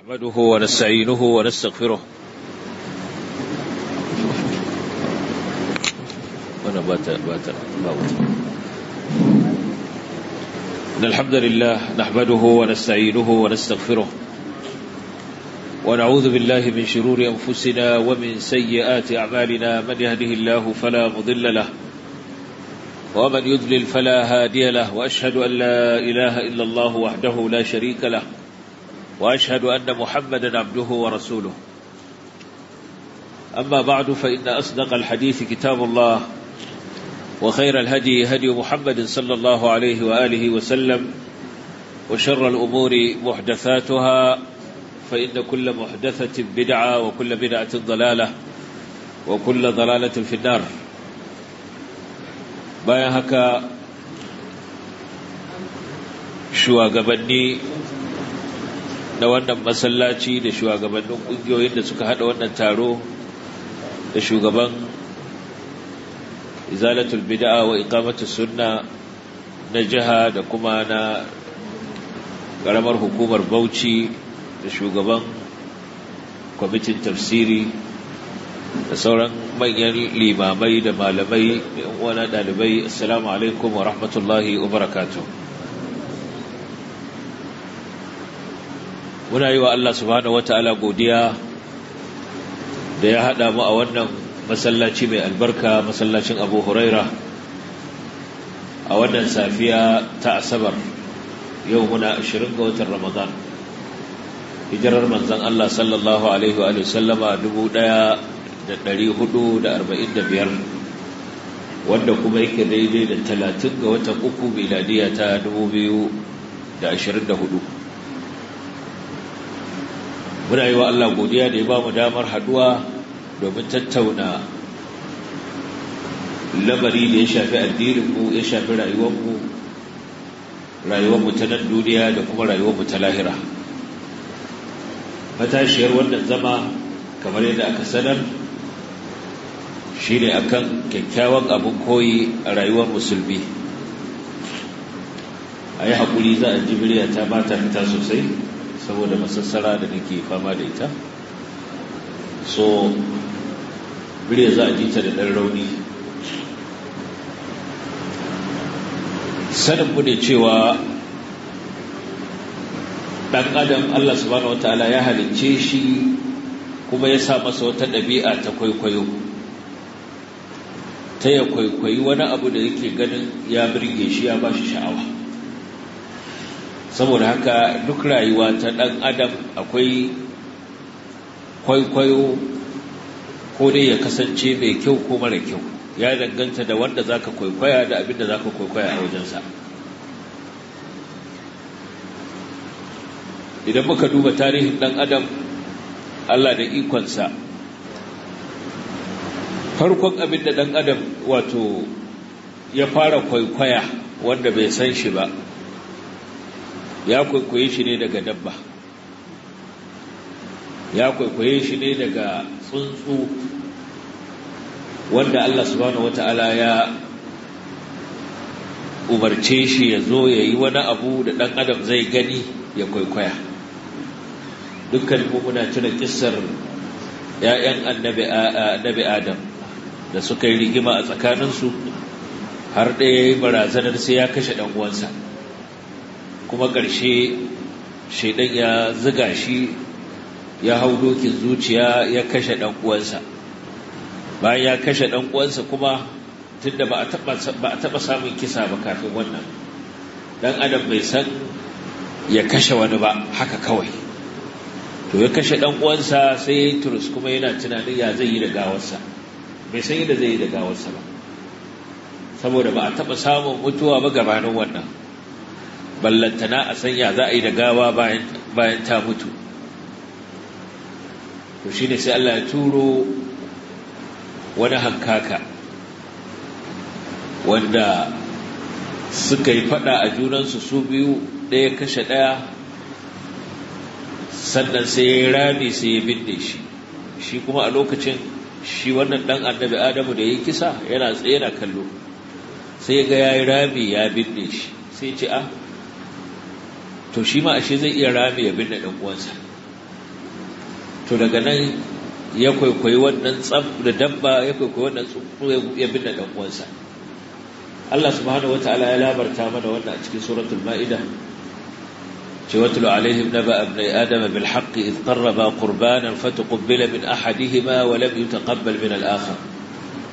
نحمده ونستعينه ونستغفره أنا بات بات بات ان الحمد لله نحمده ونستعينه ونستغفره ونعوذ بالله من شرور انفسنا ومن سيئات اعمالنا من يهده الله فلا مضل له ومن يضلل فلا هادي له واشهد ان لا اله الا الله وحده لا شريك له وأشهد أن محمدا عبده ورسوله أما بعد فإن أصدق الحديث كتاب الله وخير الهدي هدي محمد صلى الله عليه وآله وسلم وشر الأمور محدثاتها فإن كل محدثة بدعة وكل بدعة ضلالة وكل ضلالة في النار بايا هكا شواغبني na wannan masallaci da shugabannin ƙungiyoyin da suka haɗa wannan taro da shugaban izalatul bid'a wa iqamatu sunna na jiha da kuma na ƙaramar hukumar Bauchi da shugaban kwamitin tafsiri da sauran manyan limamai da malamai da ɗalibai assalamu alaikum wa rahmatullahi wa barakatuh muna yi wa Allah subhanahu wata'ala godiya da ya haɗa mu a wannan masallaci mai albarka masallacin abu huraira a wannan safiya ta asabar yau muna 20 ga watan ramadan hijirar manzan Allah sallallahu alaihi wa sallama 1445 wanda kuma yake daidai da talatin ga watan uku miladiya ta 2024 muna yi wa Allah godiya da ya ba mu damar haduwa domin tattauna labari da ya shafi addininmu ya shafi rayuwarmu rayuwarmu ta nan duniya da kuma rayuwarmu ta lahira matashiyar wannan zama kamar yadda aka sanar shi ne akan kyakkyawan abin koyi a rayuwar musulmi a yi haƙuri za a ji ta ba ta fita sosai saboda masassara da nake fama da ita so bire za a jita da ɗan rauni sanin bude cewa ɗan adam Allah subhanahu wataala ya halicce shi kuma ya sa masa wata ɗabi'a ta kwaikwayo ta ya kwaikwayi wani abu da yake ganin ya birge shi ya ba shi sha'awa saboda haka duk rayuwa ta ɗan adam akwai kwaikwayo ko dai ya kasance mai kyau ko mara kyau ya danganta da wanda za ka kwaikwaya da abinda za ka kwaikwaya a wajensa idan muka duba tarihin ɗan adam allah da ikonsa farkon abin da ɗan adam wato ya fara kwaikwaya wanda bai san shi ba ya kwaikwaye shi ne daga dabba ya kwaikwaye shi ne daga tsuntsu wanda Allah subhanahu wata'ala ya umarce shi ya zo ya yi wani abu da ɗan adam zai gani ya kwaikwaya dukkan muna tuna kisar ‘ya'yan annabi adam da suka yi rigima a tsakaninsu har ɗaya ya yi barazanar sai ya kashe ɗan uwansa. kuma ƙarshe shaidan ya ziga shi ya hau dokin zuciya ya kashe ɗan uwansa bayan ya kashe ɗan uwansa kuma da ba a taɓa samun kisa ba kafin wannan ɗan adam bai san ya kashe wani ba haka kawai to ya kashe ɗan sai ya yi turus kuma yana tunanin ya zai yi da gawarsa bai san yadda zai yi da gawarsa ba saboda ba a taɓa samun mutuwa ba gabanin wannan ballantana a sanya za a yi da gawa bayan ta mutu to ne sai Allah ya turo wani hankaka wanda suka yi fada a junansu su biyu ɗaya kashe ɗaya sannan sai ya rami sai ya binne shi shi kuma a lokacin shi wannan ɗan annabi adamu da ya yi kisa yana tsaye na kallo sai ga ya yi rami ya binne shi sai ce ah to shi ma ashe zai iya rame ya binne ɗan uwansa to daga nan ya kwaikwayi wannan tsab da dabba ya kwaikwayi wannan tsuntsu ya binne ɗan uwansa Allah subhanahu wataala ya labarta mana wannan a cikin suratul ma'ida ce watlu alaihim naba abnai adama bil haqqi id qarraba qurbanan fatuqbila min ahadihima wa lam yutaqabbal min al akhar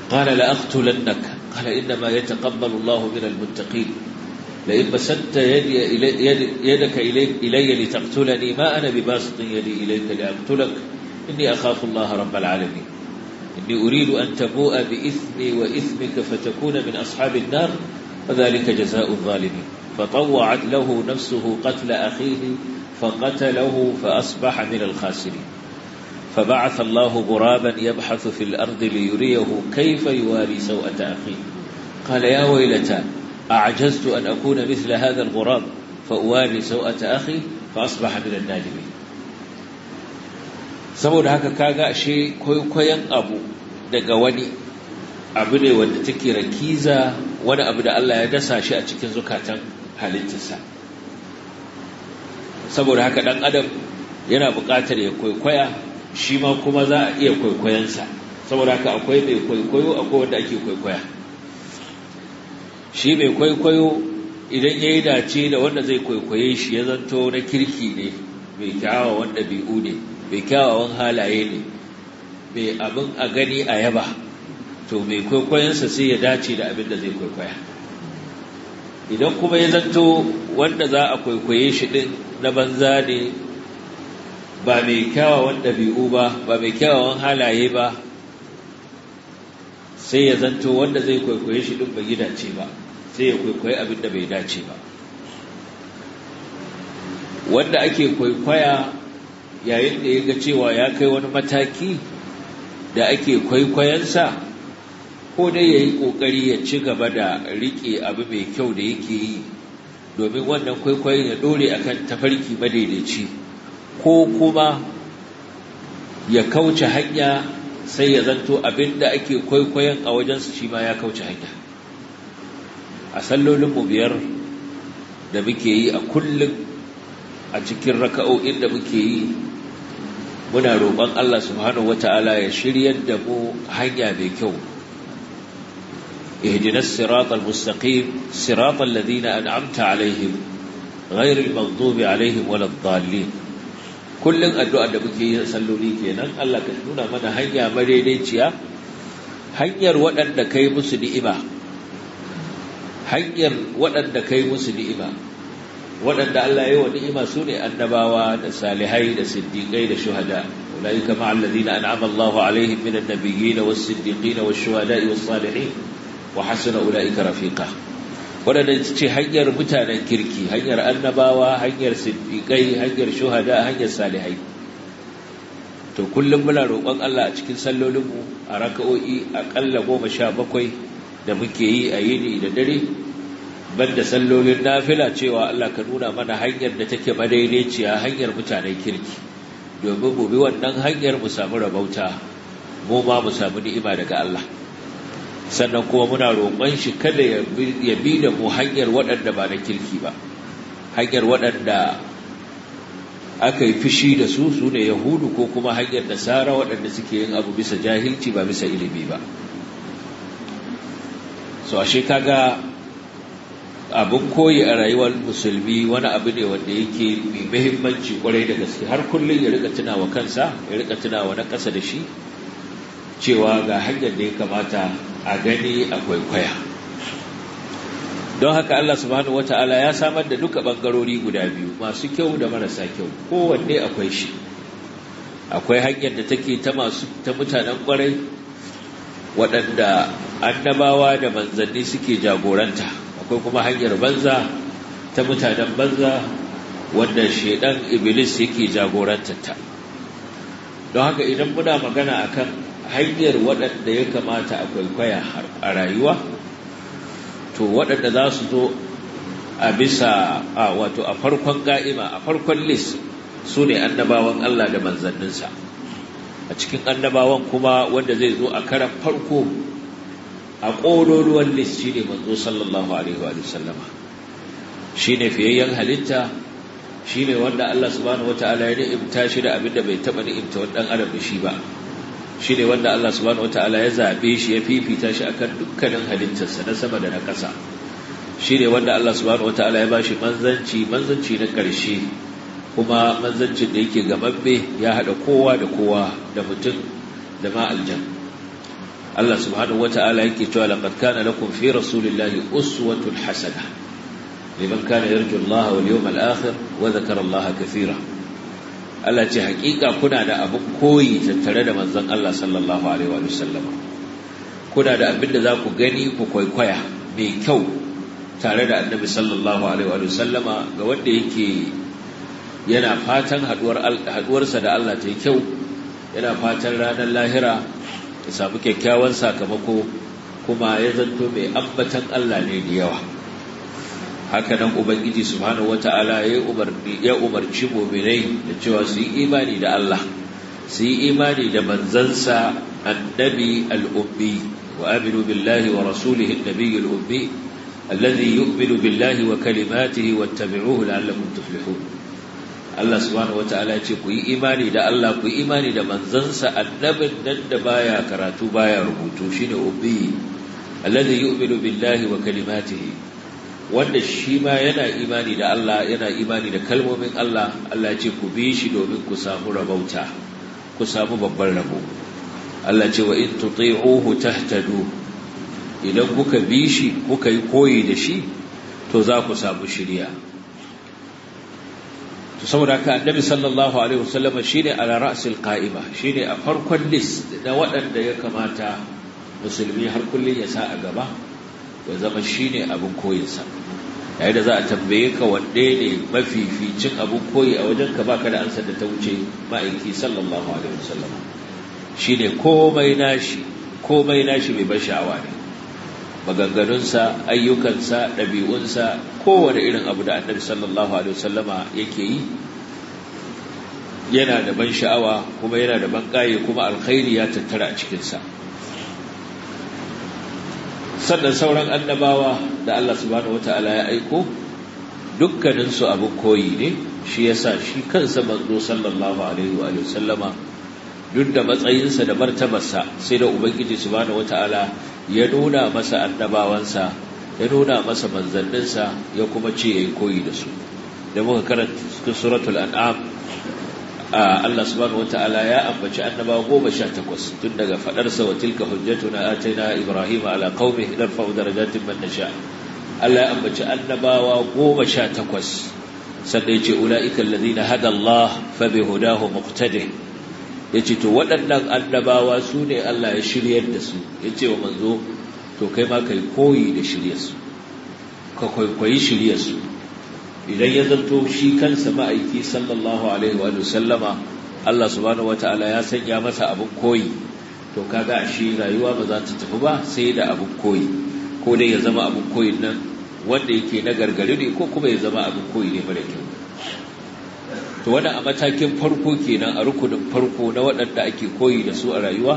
qala la aqtulannak qala inma yataqabbalu Allahu min al muttaqin لئن بسطت يدي يدك إلي, إلي لتقتلني ما أنا بباسط يدي إليك لأقتلك إني أخاف الله رب العالمين إني أريد أن تبوء بإثمي وإثمك فتكون من أصحاب النار وذلك جزاء الظالمين فطوعت له نفسه قتل أخيه فقتله فأصبح من الخاسرين فبعث الله غرابا يبحث في الأرض ليريه كيف يواري سوءة أخيه قال يا ويلتان أعجزت أن أكون مثل هذا الغراب فأواري سوءة أخي فأصبح من النادمين saboda haka kaga ashe kwaikwayon abu daga wani abu ne wanda take rakiza wani abu da Allah ya dasa shi a cikin zukatan halittarsa saboda haka dan adam yana buƙatar ya kwaikwaya shi ma kuma za a iya kwaikwayonsa saboda haka akwai mai kwaikwayo akwai wanda ake kwaikwaya shi mai kwaikwayo idan ya yi dace da wanda zai kwaikwaye shi ya zanto na kirki ne mai kyawa wanda biyu ne mai kyawawan halaye ne mai abin a gani a yaba to mai kwaikwayonsa sai ya dace da abin da zai kwaikwaya idan kuma ya zanto wanda za a kwaikwaye shi ɗin na banza ne ba mai kyawawan ɗabi'u ba ba mai kyawawan halaye ba sai ya zanto wanda zai kwaikwaye shi ɗin bai dace ba Zai ya kwaikwayi abin da bai dace ba wanda ake kwaikwaya yayin da ya ga cewa ya kai wani mataki da ake kwaikwayansa ko dai ya yi ƙoƙari ya ci gaba da riƙe abu mai kyau da yake yi domin wannan kwaikwayon ya ɗore a kan tafarki madaidaici ko kuma ya kauce hanya sai ya zanto abin da ake kwaikwayon a wajensu shi ma ya kauce hanya a sallolin mu biyar da muke yi a kullum a cikin raka'o'in da muke yi muna roƙon Allah subhanahu wata'ala ya shirya da mu hanya mai kyau ihdinas siratal mustaqim siratal ladina an'amta alaihim ghairil maghdubi alaihim waladdallin kullun addu'a da muke yi salloli kenan Allah ka nuna mana hanya madaidaiciya hanyar waɗanda kai musu ni'ima hanyar waɗanda kai musu ni'ima waɗanda Allah ya yi wa ni'ima su ne annabawa da salihai da siddiƙai da shuhada ulaika ma alladhina an'ama Allahu alaihim minan nabiyyin was-siddiqin was Shuhada, was-salihin wa hasuna ulaika rafiqa waɗanda ce hanyar mutanen kirki hanyar annabawa hanyar siddiƙai hanyar shuhada hanyar salihai to kullum muna roƙon Allah a cikin sallolinmu a raka'o'i aƙalla goma sha bakwai da muke yi a yini da dare banda sallolin nafila cewa Allah ka nuna mana hanyar da take madaidaiciya hanyar mutanen kirki domin mu bi wannan hanyar mu samu rabauta mu ma mu samu ni'ima daga Allah sannan kuma muna roƙon shi kada ya bi da mu hanyar waɗanda ba na kirki ba hanyar waɗanda aka yi fushi da su su ne yahudu ko kuma hanyar da Sara waɗanda suke yin abu bisa jahilci ba bisa ilimi ba so ashe kaga abin koyi a rayuwar musulmi wani abu ne wanda yake mai muhimmanci kwarai da gaske har kullum ya rika tunawa kansa ya rika tunawa na ƙasa da shi cewa ga hanyar da ya kamata a gani a kwaikwaya don haka Allah subhanahu wata'ala ya samar da duka bangarori guda biyu masu kyau da marasa kyau kowanne akwai shi akwai hanyar da take ta masu ta mutanen kwarai waɗanda annabawa da manzanni suke jagoranta akwai kuma hanyar banza ta mutanen banza wanda shedan iblis yake ta. don haka idan muna magana akan hanyar waɗanda ya kamata a kwaikwaya a rayuwa to waɗanda za su zo a bisa a wato a farkon ga'ima a farkon lis su ne annabawan Allah da manzanninsa a cikin annabawan kuma wanda zai zo a karan farko a ƙololuwan list shi ne manzo sallallahu alaihi wa sallama shi ne fiyayyen halitta shi ne wanda Allah subhanahu ala ya ni'imta shi da abinda bai taɓa ni'imta wani ɗan adam da shi ba shi ne wanda Allah subhanahu ala ya zaɓe shi ya fifita shi akan dukkanin halittarsa na sama da na ƙasa shi ne wanda Allah subhanahu ala ya ba shi manzanci manzanci na ƙarshe kuma manzancin da yake gababbe ya haɗa kowa da kowa da mutum da ma aljanna Allah subhanahu ta'ala yake cewa laqad kana lakum fi rasulillahi uswatun hasana liman kana yarju Allah wal yawmal akhir wa dhakara Allah kathira Allah ce hakika kuna da abu koyi tattare da manzon Allah sallallahu alaihi wa sallam kuna da abin da za ku gani ku kwaikwaya mai kyau tare da annabi sallallahu alaihi wa sallama ga wanda yake yana fatan haduwar haduwarsa da Allah ta yi kyau yana fatan ranar lahira ya samu kyakkyawan sakamako kuma ya zanto mai ambatan Allah ne da yawa haka nan ubangiji subhanahu wata'ala ya umarni ya umarci mu'minai da cewa su yi imani da Allah su yi imani da manzansa annabi al wa aminu billahi wa rasulihi an-nabiy alladhi yu'minu billahi wa kalimatihi wattabi'uhu la'allakum tuflihun Allah subhanahu wataala ya ce ku yi imani da Allah ku yi imani da manzansa annabin nan da baya karatu baya rubutu shine ubi alladhi yu'minu billahi wa kalimatihi wanda shi ma yana imani da Allah yana imani da kalmomin Allah Allah ya ce ku bi shi domin ku samu rabauta ku samu babban rabo Allah ce wa in tuti'uhu tahtadu idan kuka bi shi kuka yi koyi da shi to za ku samu shirya. saboda haka annabi sallallahu alaihi wasallam shine ala ra'sil qa'ima shine a farkon list da waɗanda ya kamata musulmi har kullun ya sa a gaba ya zama shine abin koyinsa yayin da za a tambaye ka wanne ne mafificin abin koyi a wajen ka baka da ansar da ta wuce ma'aiki sallallahu alaihi wasallam shine komai nashi komai nashi mai ban sha'awa ne maganganunsa ayyukansa ɗabi'unsa kowane irin abu da annabi sallallahu alaihi wasallama yake yi yana da ban sha'awa kuma yana da ban ƙaye kuma alkhairi ya tattara a cikinsa sannan sauran annabawa da Allah subhanahu ya aiko dukkaninsu abin koyi ne shi yasa shi kansa manzo sallallahu alaihi wa sallama duk da matsayinsa da martabarsa sai da ubangiji subhanahu ala. ya nuna masa annabawansa ya nuna masa manzanninsa ya kuma ce ya yi koyi da su da muka karanta cikin suratul an'am Allah subhanahu wata'ala ya ambaci annabawa goma sha takwas tun daga faɗarsa wa tilka hujjatuna ataina ibrahim ala qaumihi narfa'u darajatin man nasha Allah ya ambaci annabawa goma sha takwas sannan ya ce ula'ika alladhina hada Allah fa hudahu muqtadih ya ce to waɗannan annabawa su ne Allah ya shiryar da su ya ce wa manzo to kai ma kai koyi da shiryarsu ka kwaikwayi shiryarsu idan ya zanto shi kansa ma'aiki sallallahu alaihi wa sallama Allah subhanahu wata'ala ya sanya masa abin koyi to ka ga shi rayuwa ba za ta tafi ba sai da abin koyi ko dai ya zama abin koyin nan wanda yake na gargari ne ko kuma ya zama abin koyi ne mara kyau to wannan a matakin farko kenan a rukunin farko na waɗanda ake koyi da su a rayuwa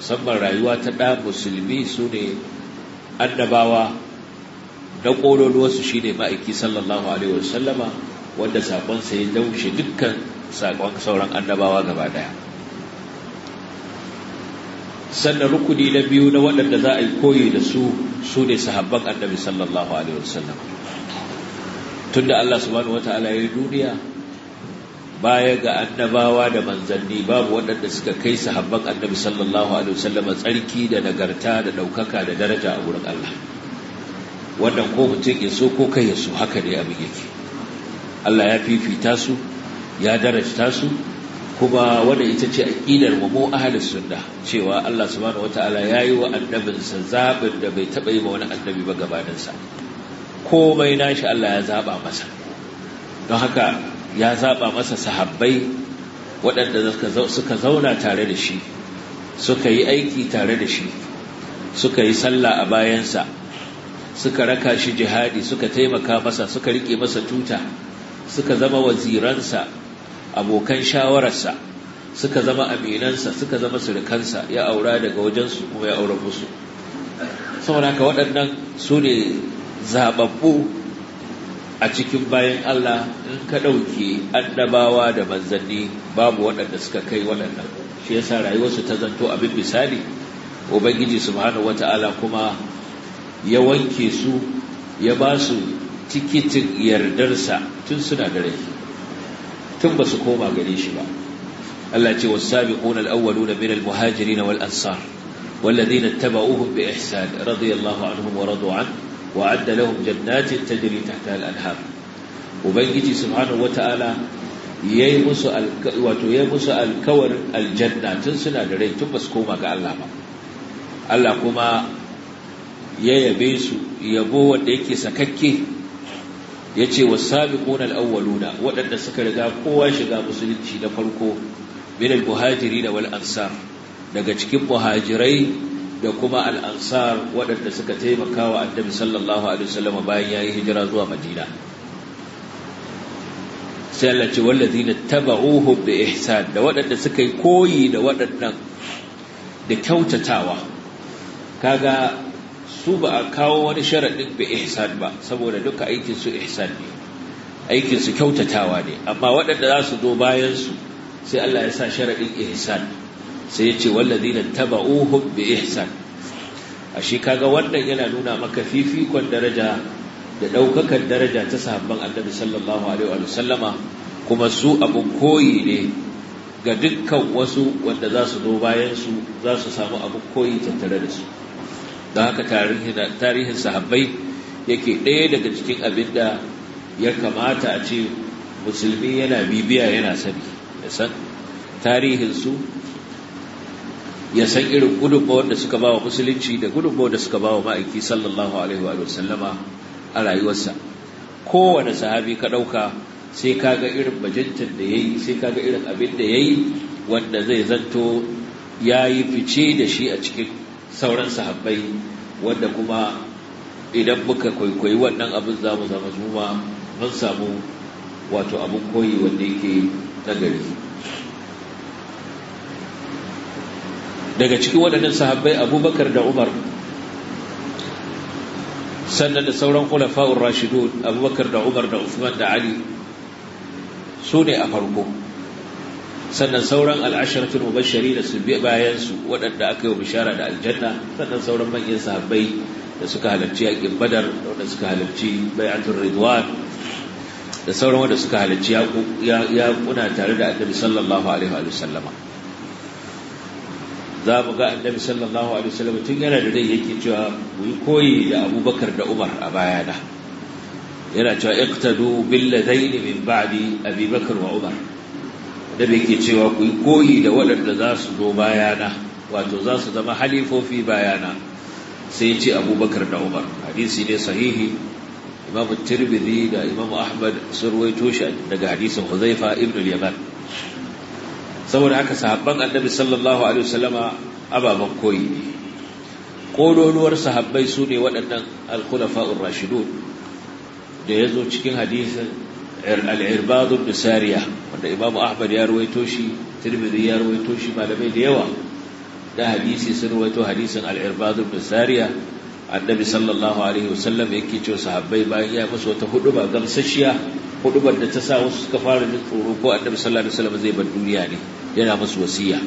musamman rayuwa ta ɗan musulmi su ne annabawa na ƙololuwarsu shi ne ma'aiki sallallahu alaihi wasallama wanda saƙonsa ya daushe dukkan saƙon sauran annabawa gaba ɗaya sannan rukuni na biyu na waɗanda za a yi koyi da su su ne sahabban annabi sallallahu alaihi wasallam tunda Allah subhanahu wata'ala ya yi duniya baya ga annabawa da manzanni babu waɗanda suka kai sahabban annabi sallallahu alaihi wasallam tsarki da nagarta da ɗaukaka da daraja a wurin Allah wannan ko mutum ya so ko kai ya so haka ne abin yake Allah ya fifita su ya darajta su kuma wanda ita ce aqidar mu mu ahlus sunna cewa Allah subhanahu wataala yayi wa annabinsa zabin da bai taɓa yi wa wani annabi ba sa. komai nashi Allah ya zaba masa don haka ya zaba masa sahabbai waɗanda suka zauna tare da shi suka yi aiki tare da shi suka yi sallah a bayansa suka raka shi jihadi suka taimaka masa suka rike masa tuta suka zama waziransa abokan shawararsa suka zama aminansa suka zama surukansa ya aura daga wajensu kuma ya aura musu saboda haka waɗannan su ne zaɓaɓɓu a cikin bayan Allah in ka ɗauke annabawa da manzanni babu waɗanda suka kai waɗannan shi yasa rayuwarsu ta zanto abin misali ubangiji subhanahu wata'ala kuma ya wanke su ya ba su tikitin yardarsa tun suna da rai tun ba su koma gare shi ba Allah ce wasu sabiqun al-awwaluna min al-muhajirin wal-ansar والذين اتبعوهم بإحسان رضي الله عنهم ورضوا عنه Wa'adda adda lahum ta tajri tahta al-anhar ubangiji subhanahu wata'ala yayi musu wato yayi musu alkawar aljanna tun suna da tun ba su koma ga Allah Allah kuma ya yabe su yabo wanda yake sakakke yace wa sabiquna al-awwaluna waɗanda suka riga kowa shiga musulunci na farko min buhajiri da wal daga cikin muhajirai da kuma al'ansar waɗanda suka taimaka wa annabi sallallahu alaihi wasallam bayan ya yi hijira zuwa madina sai Allah ce wallazina taba'uhu bi ihsan da waɗanda suka yi koyi da waɗannan da kyautatawa kaga su ba a kawo wani sharaɗin da ihsan ba saboda duka aikinsu ihsan ne Aikinsu kyautatawa ne amma waɗanda za su zo bayansu, sai Allah ya sa sharaɗin ihsan sai ya ce wallazina taba'uhum bi ihsan ashe kaga wannan yana nuna maka fifikon daraja da ɗaukakan daraja ta sahabban Annabi sallallahu alaihi wa sallama kuma su abun koyi ne ga dukkan wasu wanda za su zo bayan su za su samu abun koyi tattare da su don haka tarihin sahabbai yake ɗaya daga cikin abin da ya kamata a ce musulmi yana bibiya yana sani ya san tarihinsu ya san irin gudunmawar da suka ba wa musulunci da gudunmawar da suka ba wa ma'aiki sallallahu alaihi wa sallama a rayuwarsa kowane sahabi ka ɗauka sai ka ga irin bajintar da ya yi sai ka ga irin abin da ya yi wanda zai zanto ya yi fice da shi a cikin sauran sahabbai wanda kuma idan muka kwaikwayi wannan abin za mu zama zuma mun samu wato abin koyi wanda yake nagari daga cikin waɗannan sahabbai abubakar da umar sannan da sauran kulafa'ur Rashidu, abubakar da umar da usman da ali su ne a farko sannan sauran al'asharatul mubashari da su bayan su waɗanda aka yi bishara da aljanna sannan sauran manyan sahabbai da suka halarci yakin badar da suka halarci bai'atul ridwan da sauran wanda suka halarci ya kuna tare da annabi sallallahu alaihi wa sallama za mu ga annabi sallallahu alaihi wasallam tun yana da rai yake cewa mu yi koyi da abubakar da umar a bayana yana cewa iqtadu bil ladaini min ba'di abubakar wa umar da yake cewa ku yi koyi da waɗanda za su zo bayana wato za su zama halifofi bayana sai ce abubakar da umar hadisi ne sahihi imamu tirmidhi da imamu ahmad sun ruwaito shi daga hadisin huzaifa ibn al-yaman saboda aka sahabban annabi sallallahu alaihi wasallama ababan koyi ne kololuwar sahabbai su ne waɗannan al-khulafa'ur rashidun da ya zo cikin hadisin al da sariya wanda imamu ahmad ya ruwaito shi tirmidhi ya ruwaito shi malamai da yawa da hadisi sun ruwaito hadisin al da sariya annabi sallallahu alaihi wasallam yake cewa sahabbai bayan ya musu wata huduba gamsashiya hudubar da ta sa wasu suka fara jin tsoro ko annabi sallallahu alaihi wasallam zai bar duniya ne yana musu wasiya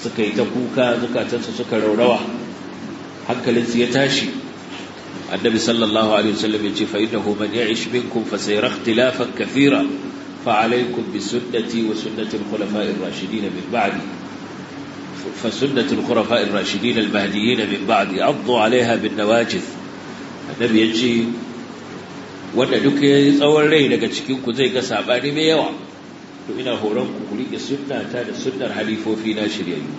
suka yi ta kuka zukatansu suka raurawa hankalinsu ya tashi annabi sallallahu alaihi wasallam ya ce fa innahu man ya'ish minkum fa sayara ikhtilafan kathira fa alaykum bi sunnati wa sunnati al-khulafa'i ar-rashidin min ba'di fa sunnati al-khulafa'i ar-rashidin al-mahdiyyin min ba'di addu 'alayha bin nawajith annabi ya ce wanda duk ya yi tsawon rai daga cikin ku zai ga sabani mai yawa to ina horon ku riƙe sunnata da sunnar halifofi na shiryayyu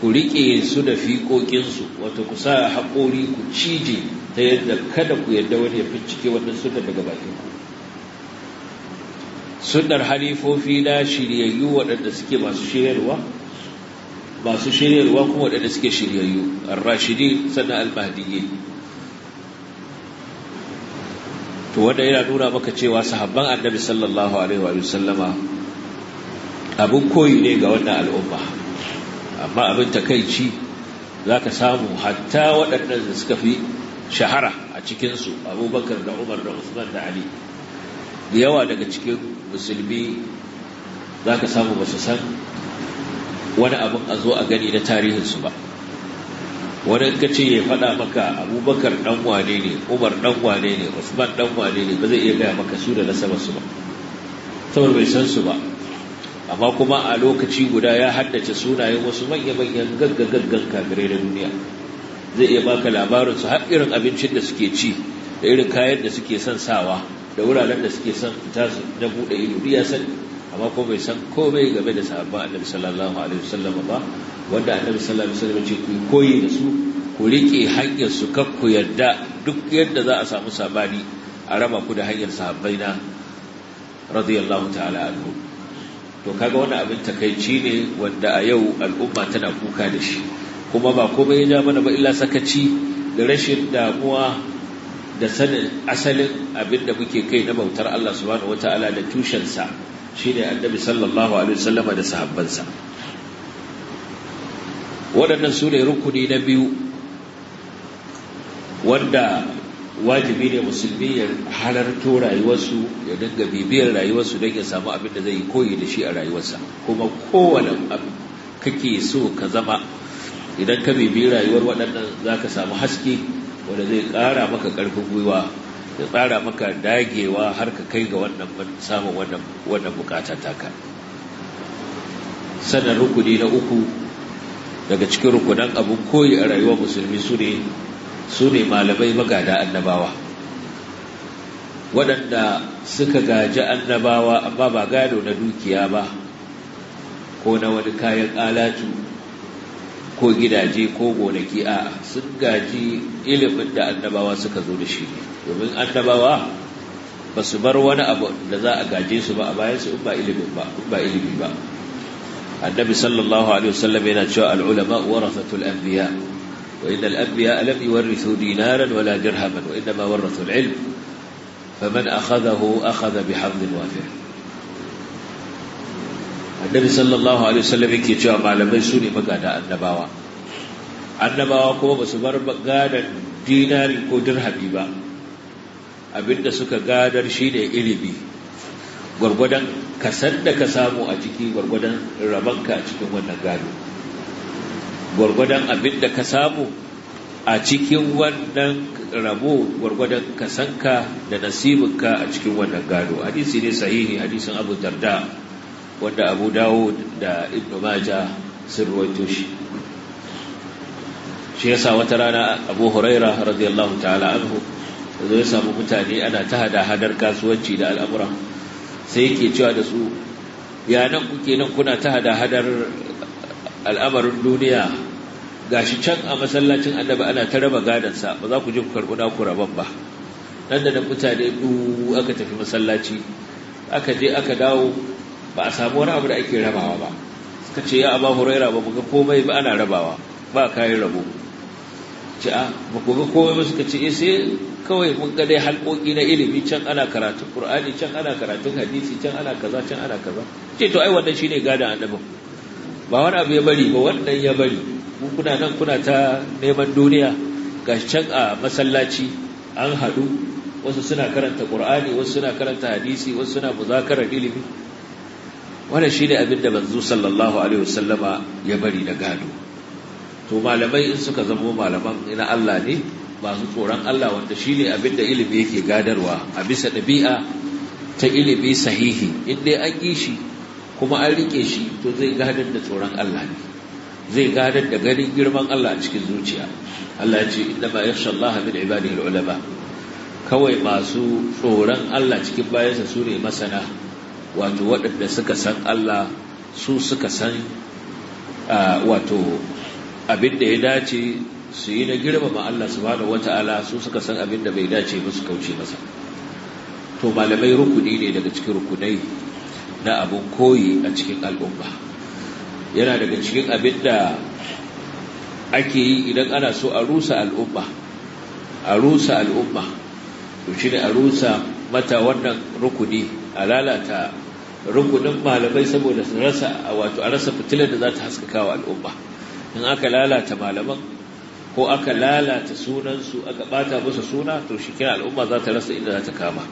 ku riƙe su da fiƙoƙinsu wato ku sa haƙori ku cije ta yadda kada ku yadda wani ya fincike wannan sunnar daga bakin ku sunnar halifofi na shiryayyu waɗanda suke masu shiryarwa masu shiryarwa kuma waɗanda suke shiryayyu ar-rashidi sannan al-mahdiyyi to wanda yana nuna maka cewa sahabban annabi sallallahu alaihi wa sallama abin koyi ne ga wannan al'umma amma abin takaici zaka samu hatta waɗannan da suka fi shahara a cikinsu abubakar da umar da usman da ali da yawa daga cikin musulmi zaka samu ba su san wani abin a zo a gani na tarihinsu ba wani kace ya faɗa maka abubakar ɗan wane ne umar ɗan wane ne usman ɗan wane ne ba zai iya gaya maka su da nasabar su ba saboda bai san su ba amma kuma a lokaci guda ya haddace sunayen wasu manya-manyan gaggagaggan kafirai na duniya zai iya baka labarin su har irin abincin da suke ci da irin kayan da suke son sawa da wuraren da suke son fita na buɗe ido ya sani amma kuma bai san komai game da sahabba annabi sallallahu alaihi wasallam ba wanda annabi sallallahu alaihi wasallam ce ku koyi da su ku rike hanyar su kar ku yarda duk yadda za a samu sabani a raba ku da hanyar sahabbai na radiyallahu ta'ala anhu to kaga wani abin takaici ne wanda a yau al'umma tana kuka da shi kuma ba komai ya ja mana ba illa sakaci da rashin damuwa da sanin asalin abin da muke kai na bautar Allah subhanahu wataala da tushensa shine annabi sallallahu alaihi wasallam da sahabbansa waɗannan su ne rukuni na biyu wanda wajibi ne musulmi ya halarto rayuwarsu ya dinga bibiyar rayuwarsu don ya samu abin da zai yi koyi da shi a rayuwarsa kuma kowane kake so ka zama idan ka bibi rayuwar waɗannan za ka samu haske wanda zai ƙara maka ƙarfin gwiwa ya tsara maka dagewa har ka kai ga wannan samun wannan bukatar taka sannan rukuni na uku daga cikin rukunan abu koyi a rayuwar musulmi su ne malamai magada annabawa waɗanda suka gaji annabawa amma ba gado na dukiya ba ko na wani kayan alatu ko gidaje ko gonaki a sun gaji ilimin da annabawa suka zo da shi domin annabawa ba su bar wani abu da za a gaje su ba a bayan su ba ilimin ba annabi sallallahu alaihi wasallam yana cewa al-ulama warathatul anbiya wa innal anbiya lam yuwarrithu dinaran wala dirhaman wa innama warathu al-ilm faman akhadahu akhadha bihamdin wafi' annabi sallallahu alaihi wasallam yake cewa malamai su ne magada annabawa annabawa kuma ba su bar gadon dinari ko ba abinda suka gadar shi ne ilimi gwargwadon kasar da ka samu a ciki gwargwadon rabanka a cikin wannan gado gwargwadon abin da ka samu a cikin wannan rabo gwargwadon kasanka da nasibinka a cikin wannan gado hadisi ne sahihi hadisin abu darda wanda abu dawo da ibnu maja sun ruwaito shi shi sa wata rana abu huraira radiyallahu ta'ala anhu zai samu mutane ana ta hada hadar kasuwanci da al'amura sai yake cewa da su ya nan kuke nan kuna ta hada-hadar al'amarin duniya gashi can a masallacin annabi ana ta raba gadansa ba za ku je ku karɓi naku rabon ba nan da mutane du aka tafi masallaci aka je aka dawo ba a samu wani abu da ake rabawa ba suka ce ya aba huraira ba mu ga komai ba ana rabawa ba kayan rabo ce a ba ku ga komai ba suka ce eh, sai kawai mun ga dai halƙoƙi na ilimi can ana karatun ƙur'ani can ana karatun hadisi can ana kaza can ana kaza ce to ai wannan shine gadon annabin ba wani abu ya bari ba wannan ya bari kuna nan kuna ta neman duniya ga can a masallaci an haɗu wasu suna karanta ƙur'ani wasu suna karanta hadisi wasu suna muzakarar ilimi wannan shine abin da manzo sallallahu alaihi wasallama ya bari na gado to malamai in suka zamo malaman ina Allah ne masu tsoron Allah wanda shi abin da ilimi yake gadarwa a bisa ɗabi'a ta ilimi sahihi in dai an yi shi kuma an rike shi to zai gadar da tsoron Allah ne zai gadar da ganin girman Allah a cikin zuciya Allah ya ce ba ya shan Allah min ibadihi ulama kawai masu tsoron Allah cikin bayansa su ne masana wato waɗanda suka san Allah su suka san ah, wato abin da ya dace su yi na girmama Allah su subhanahu wata'ala su suka san abin da bai dace ba su kauce masa to malamai rukuni ne daga cikin rukunai na abin koyi a cikin al'umma yana daga cikin abin da ake yi idan ana so a rusa al'umma a rusa al'umma to shi ne a rusa mata wannan rukuni a lalata rukunin malamai saboda rasa wato a rasa fitilar da za ta haskaka wa al'umma in aka lalata malaman ko aka lalata sunansu aka bata musu suna to shi al'umma za ta rasa inda za ta kama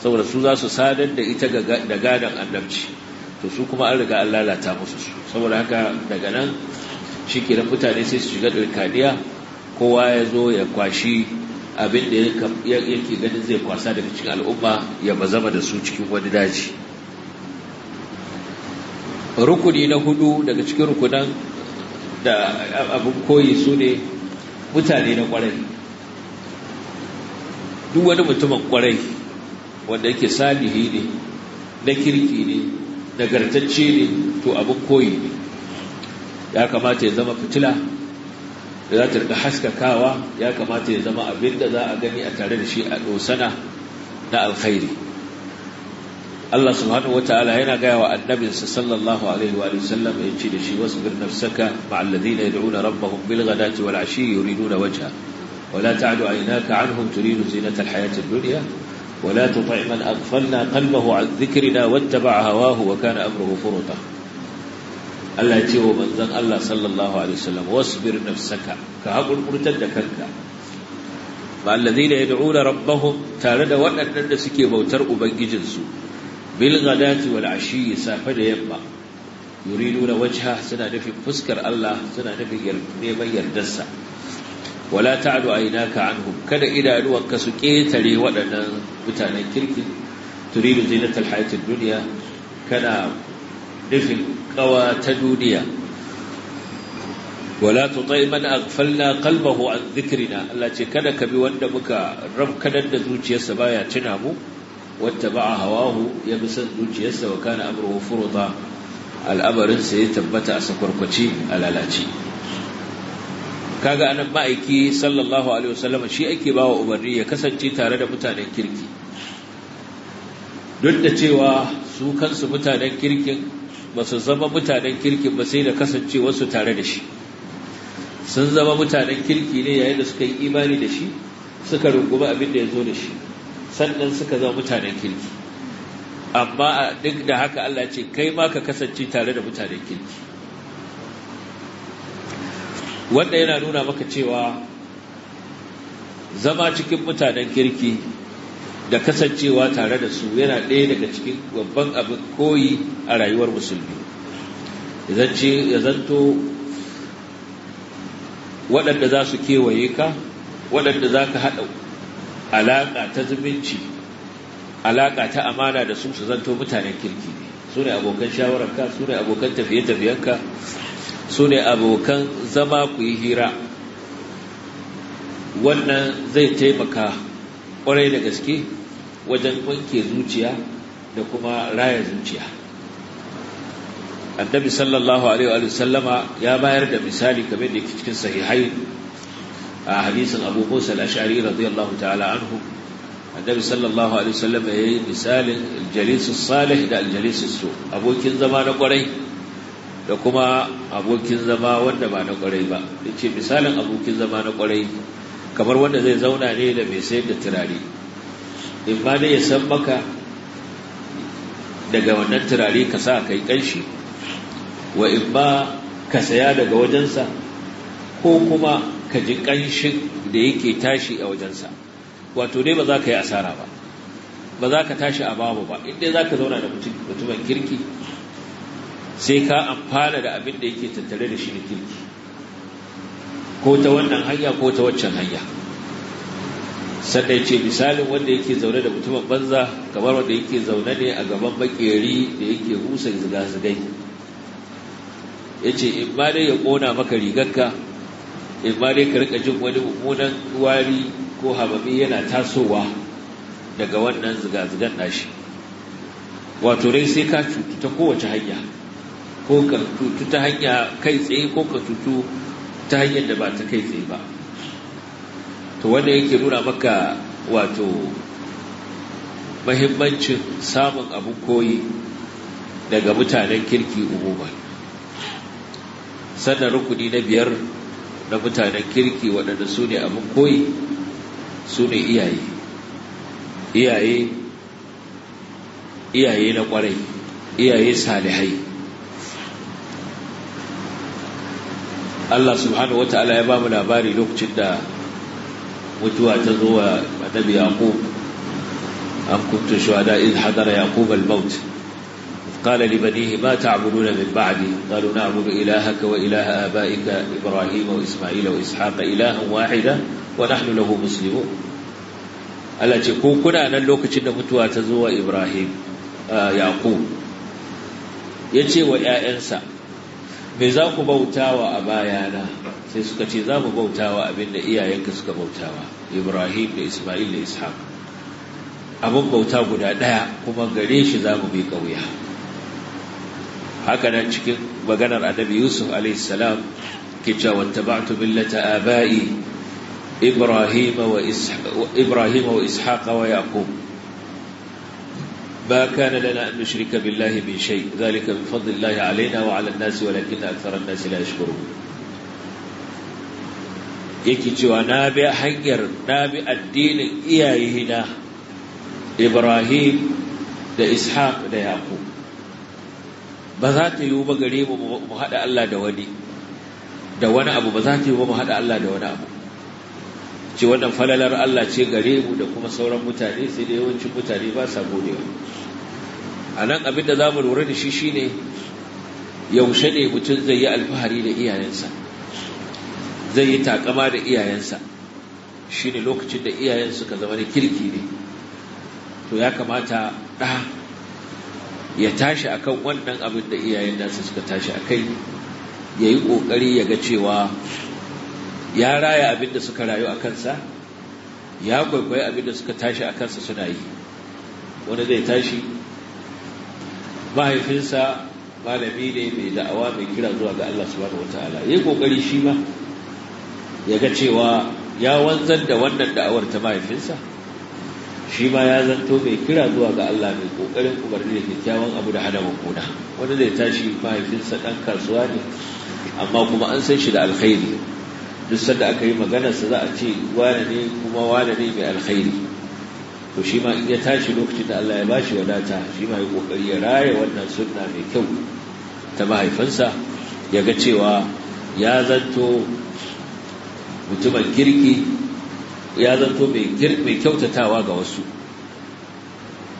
saboda su za su sadar da ita da gadon annabci to su kuma an riga an lalata musu su saboda haka daga nan shi mutane sai su shiga ɗirkaniya kowa ya zo ya kwashi abin da yake ganin zai kwasa daga cikin al'umma ya bazama da su cikin wani daji rukuni na hudu daga cikin rukunan da abin koyi su ne mutane na kwarai duk wani mutumin kwarai wanda yake salihi ne na kirki ne nagartacce ne to abin koyi ne ya kamata ya zama fitila da za ta rika haskakawa ya kamata ya zama abin da za a gani a tare da shi a dosana na alkhairi Allah subhanahu wa ta’ala yana gaya wa annabinsa sallallahu Alaihi wa sallam ya ce da shi wasu birnin saka ma’alladi na yadda una rabba hun bilga wani ashe yuri nuna waje wala ta adu aina ka an hun turi nun duniya wala ta ta’iman an fanna kalmahu a zikirina wadda ba a hawa hu wa kana furuta Allah ya ce wa manzan Allah sallallahu Alaihi wa sallam wasu birnin saka ka haƙurƙurtar da kanka ma’alladi na yadda una rabba hun tare da waɗannan da suke bautar ubangijinsu bil ghadati wal ashi safe da yamma yuriduna wajha suna nufin fuskar Allah suna nufin neman yardarsa wala ta'du aynaka anhum kada idanuwanka su ketare waɗannan mutanen kirki turidu zinatal hayatid dunya kana nufin kawa ta duniya wala tutai man aghfalna qalbahu an dhikrina Allah ce kada ka bi wanda muka rabkadar da zuciyarsa baya tuna mu wata ba'a hawahu ya bi son zuciyarsa wa kana amurwa furuta al'amarinsa ya tabbata a a lalace kaga anan ma'aiki sallallahu alaihi wasallam shi ake bawa umarni ya kasance tare da mutanen kirki duk da cewa su kansu mutanen kirkin ba su zama mutanen kirkin ba sai da kasance wasu tare da shi sun zama mutanen kirki ne yayin da suka yi imani da shi suka rungumi abin da ya zo da shi sannan suka zama mutanen kirki amma duk da haka Allah ce kai ma ka kasance tare da mutanen kirki wanda yana nuna maka cewa zama cikin mutanen kirki da kasancewa tare da su yana ɗaya daga cikin babban abin koyi a rayuwar musulmi ya zanto waɗanda za su kewaye ka waɗanda za ka haɗa alaƙa ta zumunci alaƙa ta amana da su su zanto mutanen kirki su ne abokan shawararka su ne abokan tafiye-tafiyenka su ne abokan zama ku yi hira wannan zai taimaka ƙwarai da gaske wajen wanke zuciya da kuma raya zuciya annabi sallallahu alaihi wa sallama ya bayar da misali kamar da yake cikin sahihai a hadisin abu musa al-ash'ari radiyallahu ta'ala anhu annabi sallallahu alaihi wasallam yayi misalin al-jalis salih da al-jalis su abokin zama na kwarai da kuma abokin zama wanda ba na kwarai ba yace misalin abokin zama na kwarai kamar wanda zai zauna ne da mai sayar da turare in ma dai ya san maka daga wannan turare ka sa kai kanshi wa in ba ka saya daga wajensa ko kuma ka ji ƙanshin da yake tashi a wajensa wato dai ba za ka yi asara ba ba za ka tashi a babu ba inda za ka zauna da mutumin kirki sai ka amfana da abin da yake tattare da shi da kirki ko ta wannan hanya ko ta waccan hanya sannan ce misalin wanda yake zaune da mutumin banza kamar wanda yake zaune ne a gaban bakeri da yake husa zigazigai ya ce in ma dai ya ƙona maka rigarka imma dai ka rika jin wani mummunan wari ko hababi yana tasowa daga wannan ziga-zigan nashi wato dai sai ka cutu ta kowace hanya ko ka cutu ta hanya kai tsaye ko ka cutu ta hanyar da ba ta kai tsaye ba to wanda yake nuna maka wato mahimmancin samun abin koyi daga mutanen kirki umuman sannan rukuni na biyar na mutanen kirki waɗanda su ne abin koyi su ne iyaye iyaye na ƙwarai iyaye salihai Allah subhanahu wata'ala ya ba mu labari lokacin da mutuwa ta zo wa annabi yaqub an kuntum shuhada id hadara yaqub al-maut قال لبنيه ما تعبدون من بعدي قالوا نعبد إلهك وإله آبائك إبراهيم وإسماعيل وإسحاق إلها واحدا ونحن له مسلمون Allah ce ko kuna nan lokacin da mutuwa ta zo wa Ibrahim Yaqub ya ce wa ‘ya'yansa me za ku bautawa a na? sai suka ce za mu bautawa abinda iyayenka suka bautawa Ibrahim da Ismail da abin bauta guda ɗaya kuma gare shi za mu bi ƙauya haka nan cikin maganar annabi yusuf alaihissalam ke cewa wattaba'tu millata aba'i ibrahim wa ishaqa wa yaqub ما كان لنا أن نشرك بالله من شيء ذلك من فضل الله علينا وعلى الناس ولكن أكثر الناس yake cewa na bi hanyar na bi addinin iyayena Ibrahim da Ishaq da Yaqub ba za ta yiwu ba gare mu mu haɗa Allah da wani da wani abu ba za ta yiwu ba mu haɗa Allah da wani abu ce wannan falalar Allah ce gare mu da kuma sauran mutane sai da yawancin mutane ba sa gode ba. a nan abin da za mu lura da shi ne. yaushe ne mutum zai yi alfahari da iyayensa zai yi takama da iyayensa Shi ne lokacin da iyayen suka zama da kirki ne to ya kamata ɗa ya tashi a kan wannan abin da iyayen nasa suka tashi a kai ya yi ƙoƙari ya ga cewa ya raya abin da suka rayu a kansa ya kwaikwayi abin da suka tashi a kansa suna yi wani zai tashi mahaifinsa malami ne mai da'awa mai kira zuwa ga Allah subhanahu wata'ala yi kokari shi ma ya ga cewa ya wanzar da wannan da'awar ta mahaifinsa shi ma ya zanto mai kira zuwa ga Allah mai kokarin umarni da kyakkyawan abu da hada makona wanda zai tashi mahaifinsa ɗan kasuwa ne amma kuma an san shi da alkhairi duk sanda aka yi maganar sa za a ce wane ne kuma wane ne mai alkhairi to shi ma ya tashi lokacin da Allah ya bashi wadata shi ma ya kokari ya raya wannan sunna mai kyau ta mahaifinsa ya ga cewa ya zanto mutumin kirki ya zanto mai kyautatawa ga wasu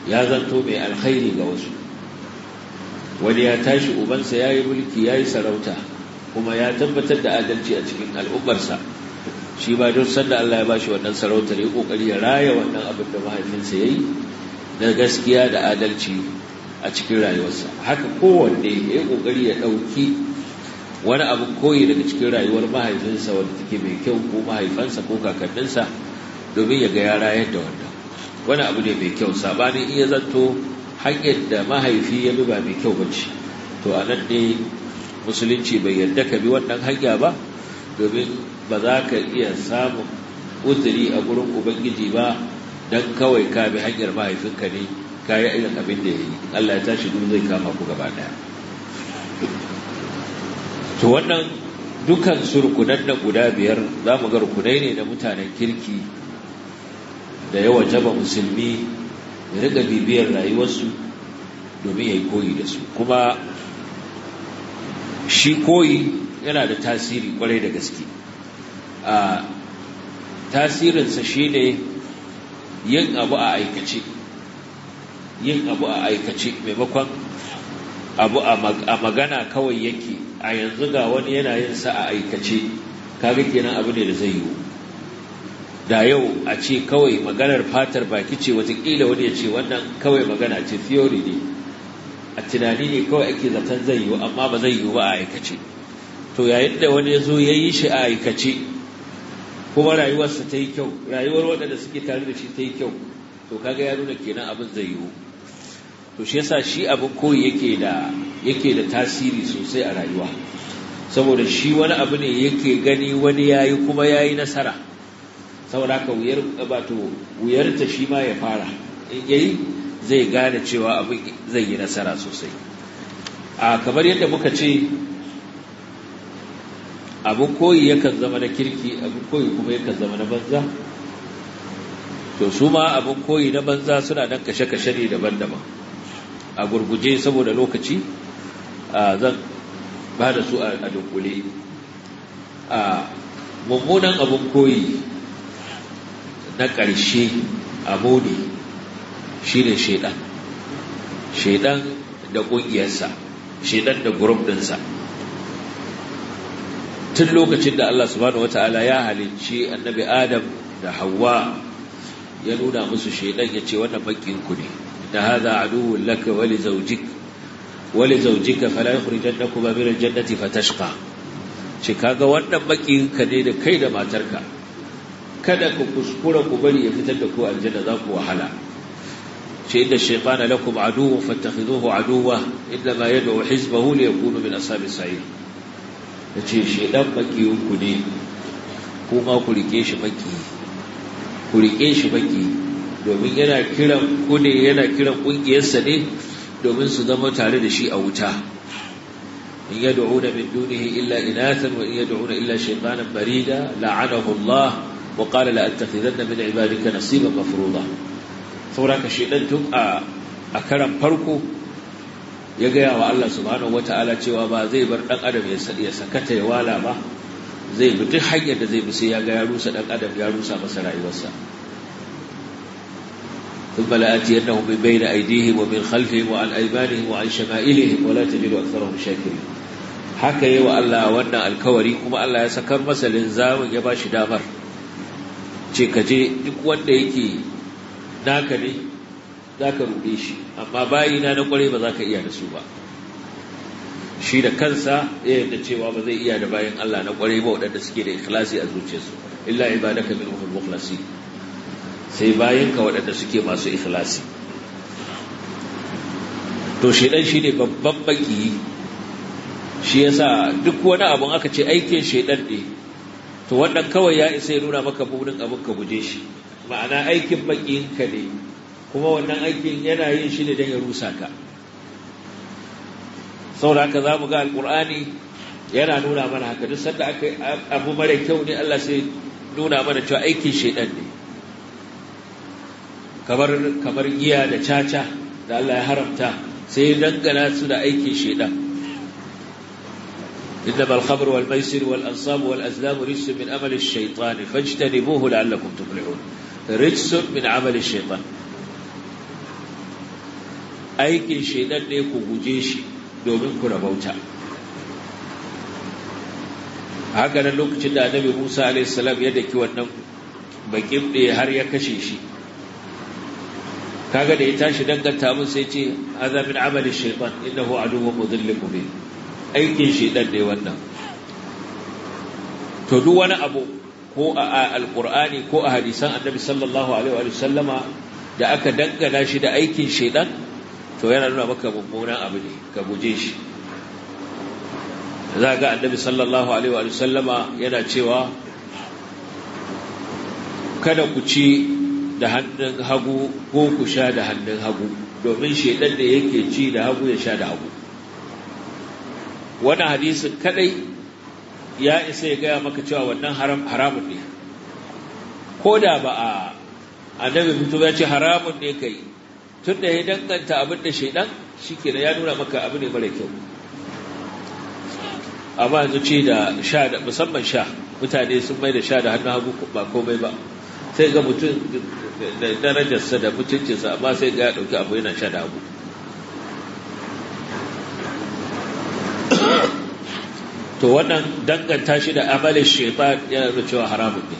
ya zanto mai alkhairi ga wasu wani ya tashi ubansa ya yi mulki ya yi sarauta kuma ya tabbatar da adalci a cikin al'ummarsa shi ba don sanda Allah ya ba shi wannan sarautar ya kokari ya raya wannan abin da mahaifinsa ya yi na gaskiya da adalci a cikin rayuwarsa haka kowanne ya yi kokari ya ɗauki wani abu koyi daga cikin rayuwar mahaifinsa wanda take mai kyau ko mahaifansa ko kakanninsa domin ya ga yara yadda wannan wani abu ne mai kyau sabanin iya zato hanyar da mahaifi ya bi ba mai kyau ce. to a nan ne musulunci bai yarda ka bi wannan hanya ba domin ba za ka iya samun uzuri a gurin ubangiji ba don kawai ka bi hanyar mahaifinka ne ka yi irin abin da ya yi allah ya tashi duk zai kama ku gaba daya to wannan dukkan su rukunan guda biyar za mu ga rukunai ne na mutanen kirki da yawa jaba musulmi ya riga bibiyar rayuwarsu domin ya yi koyi da su kuma shi koyi yana da tasiri kwarai da gaske a tasirinsa shi ne yin abu a aikace yin abu a aikace maimakon abu a magana kawai yake a yanzu ga wani yana yin sa a aikace kaga kenan abu ne da zai yiwu da yau a ce kawai maganar fatar baki ce watakila wani ya ce wannan kawai magana ce theory ne a tunani ne kawai ake zaton zai yiwu amma ba zai yiwu ba a aikace to yayin da wani ya zo ya yi shi a aikace kuma rayuwarsa ta yi kyau rayuwar waɗanda suke tare da shi ta yi kyau to kaga ya nuna kenan abin zai yiwu to shi yasa shi abin koyi yake da yake da tasiri sosai a rayuwa saboda shi wani abu ne yake gani wani yayi kuma yayi nasara saboda haka wuyar wato wuyarta shi ma ya fara yayi zai gane cewa abin zai yi nasara sosai a kamar yadda muka ce abin koyi yakan zama na kirki abin koyi kuma yakan zama na banza to su ma abin koyi na banza suna nan kashe-kashe ne daban-daban a gurguje saboda lokaci zan ba da su a dunkule mummunan abin koyi na ƙarshe a bude shi ne shaidan shaidan da ƙungiyarsa shaidan da gurub ɗinsa tun lokacin da Allah subhanahu ya halicci annabi adam da hawa ya nuna musu shaidan ya ce wannan bakinku ne da haza aduwwun laka wali zaujik wali zaujika fala yukhrijannakum min aljannati fatashqa ce kaga wannan bakinka ne da kai da matarka kada ku kuskura ku bari ya fitar da ku aljanna za ku wahala shi inda shaytana lakum aduwwun fattakhidhuhu aduwwa illa ma yad'u hizbahu li yakunu min ashabis sa'ir yace shaytan makiyin ku ne kuma ku rike shi maki ku rike shi maki domin yana kiran ku ne yana kiran kungiyarsa ne domin su zama tare da shi a wuta in yad'una min dunihi illa inathan wa in yad'una illa shaytanan barida la'anahu Allah wa qala la attakhidanna min ibadika nasiban mafruḍa saboda ka shedan tun a karan farko ya gaya wa Allah subhanahu wataala cewa ba zai bar ɗan adam ya sakata ya wala ba zai duk hanyar da zai bi sai ya ga ya rusa dan adam ya rusa masa rayuwarsa ثم لآتينهم من بين أيديهم ومن خلفهم وعن أيمانهم وعن شمائلهم ولا تجد أكثرهم شاكرين haka yi wa Allah wannan alkawari kuma Allah ya sakar masa linzamin ya ba shi damar ce ka je duk wanda yake naka ne za ka ruɗe shi amma bayina na kwarai ba za ka iya da su ba shi da kansa ya yadda cewa ba zai iya da bayan Allah na kwarai ba waɗanda suke da ikhlasi a zuciyarsu illa ibadaka minhum mukhlasi sai bayan ka waɗanda suke masu ikhlasi to shedan shi ne babban baki shi yasa duk wani abun aka ce aikin shedan ne to wannan kawai ya isa ya nuna maka burin abin ka guje shi ma'ana aikin ka ne kuma wannan aikin yana yin shi ne don ya rusa ka saboda haka za mu ga alƙur'ani yana nuna mana haka duk sanda aka abu mara kyau ne Allah sai nuna mana cewa aikin shaidan ne kamar kamar giya da caca da Allah ya haramta sai dangana su da aikin shaidan إنما الخبر والميسر والأنصاب والأزلام رجس من عمل الشيطان فاجتنبوه لعلكم تفلحون رجس من عمل الشيطان أي كي شيطان نيكو بجيش دومنكو نبوتا هكذا لك جدا نبي موسى عليه السلام يدك ونم بكيب لي هريا كشيشي كاغا ديتاش دنكا تامو سيتي هذا من عمل الشيطان إنه عدو مذل مبين aikin shaidan ne wannan to duk wani abu ko a alqur'ani ko a hadisan annabi sallallahu alaihi wa sallama da aka dangana shi da aikin shaidan, to yana nuna maka mummunan abu ne ka guje shi za ga annabi sallallahu alaihi wa sallama yana cewa kada ku ci da hannun hagu ko ku sha da hannun hagu domin shaidan da yake ci da hagu ya sha da hagu wani hadisin kadai ya isa ya gaya maka cewa wannan haramun ne ko da ba a annabi fito ya ce haramun ne kai tun da ya danganta abin da shaidan da ya nuna maka abu ne mara kyau amma yanzu ce da sha da musamman sha mutane sun mai da sha da hannun hagu ba komai ba sai ga mutum da darajarsa da mutuncinsa amma sai ga ya ɗauki abu yana sha da hagu to wannan danganta shi da amalin shaitan yana da cewa haramun ne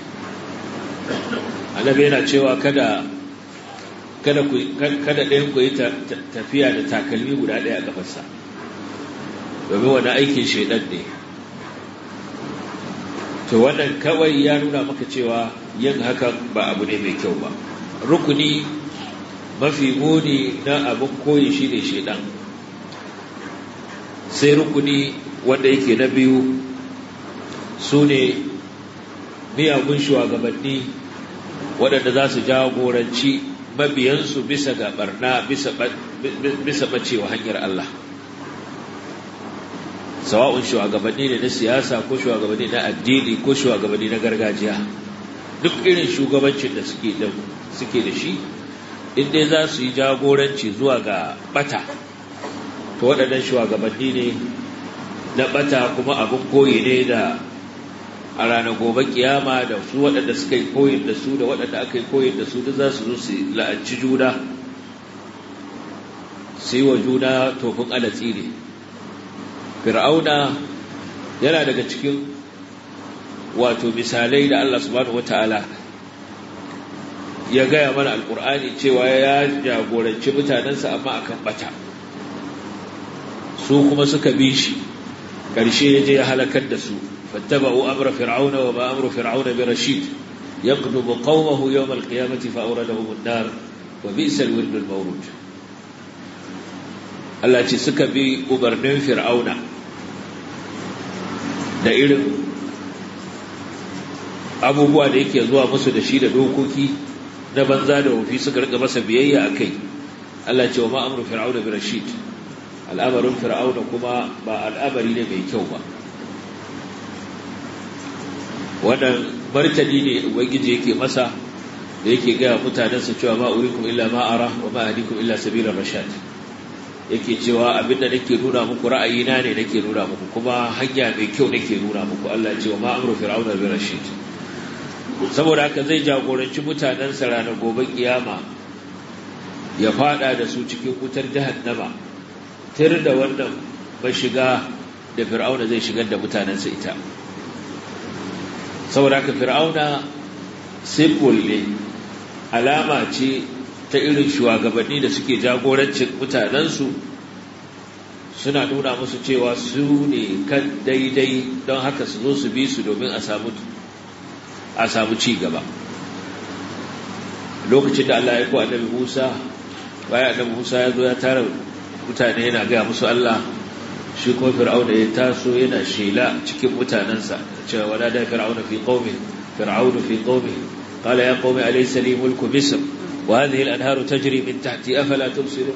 annabi yana cewa kada kada ku kada ɗayan ku yi tafiya da takalmi guda ɗaya a kafarsa domin wani aikin shaitan ne to wannan kawai ya nuna maka cewa yin hakan ba abu ne mai kyau ba rukuni mafi muni na abin koyi shi ne shaitan sai rukuni wanda yake na biyu su ne miyagun shugabanni waɗanda za su jagoranci mabiyansu bisa ga barna bisa bacewa hanyar Allah sawa'un shugabanni ne na siyasa ko shugabanni na addini ko shugabanni na gargajiya duk irin shugabancin da suke da shi in za su yi jagoranci zuwa ga bata to waɗannan shugabanni ne na bata kuma abin koyi ne da a ranar gobe kiyama da su waɗanda suka yi koyin da su da waɗanda aka yi koyin da su da za su zo su la'anci juna su yi wa juna tofin alatsi ne fir'auna yana daga cikin wato misalai da allah subhanahu wata'ala ya gaya mana alkur'ani cewa ya jagoranci mutanensa amma akan bata su kuma suka bi shi Karshe ya je ya halakar da su fattaba'u amra fir'auna wa ma amru fir'auna bi rashid yaqdubu qawmahu yawm al-qiyamati fa awradahum an-nar wa bi'sa al-wird al-mawrud Allah ce suka bi ubarnin fir'auna da irin abubuwa da yake zuwa musu da shi da dokoki na banza da wofi suka rika masa biyayya akai Allah ce wa ma amru fir'auna bi rashid al'amarin fir'auna kuma ba al'amari ne mai kyau ba wannan martani ne ubangiji yake masa da yake gaya mutanensa cewa ma urikum illa ma ara wa ma ahdikum illa sabila rashad yake cewa abinda nake nuna muku ra'ayina ne nake nuna muku kuma hanya mai kyau nake nuna muku Allah ya ce wa ma amru fir'auna bi rashid saboda haka zai jagoranci mutanensa ranar gobe kiyama ya fada da su cikin wutar jahannama tir da wannan ba da fir'auna zai shigar da mutanensa ita saboda ka fir'auna simbol ne alama ce ta irin shugabanni da suke jagorancin mutanensu suna nuna musu cewa su ne kan daidai don haka su zo su bi su domin a samu ci gaba lokacin da Allah ya kuwa annabi Musa bayan annabi Musa ya zo ya tara mutane yana gaya musu Allah shi kuma fir'auna ya taso yana shela cikin mutanensa cewa wala da fir'auna fi qaumi fir'auna fi qaumi qala ya qaumi alaysa li mulku misr wa hadhihi al-anharu tajri min tahti afala tubsirun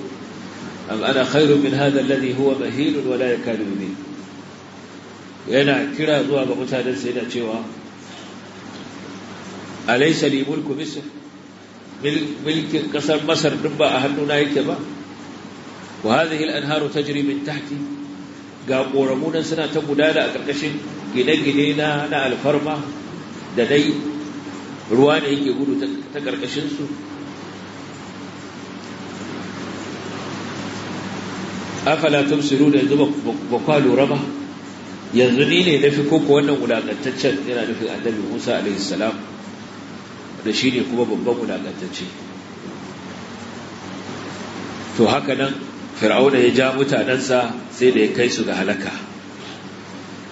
am ana khairun min hadha alladhi huwa mahin wa la yakadu yubin yana kira zuwa ga mutanensa yana cewa alaysa li mulku misr milkin kasar masar duk ba a hannuna yake ba wa hadhihi al-anharu ta min tahti ga koramu nan suna ta gudana a karkashin gine-gine na na alfarma da dai ruwa da yake gudu ta karkashin su afala tumsiru da yanzu ba kwa yanzu ni ne nafi koko wannan wulakantaccen yana nufin annabi Musa alaihi salam da shi ne kuma babban wulakantacce to haka nan fir'auna ya ja mutanensa sai da ya kai su ga halaka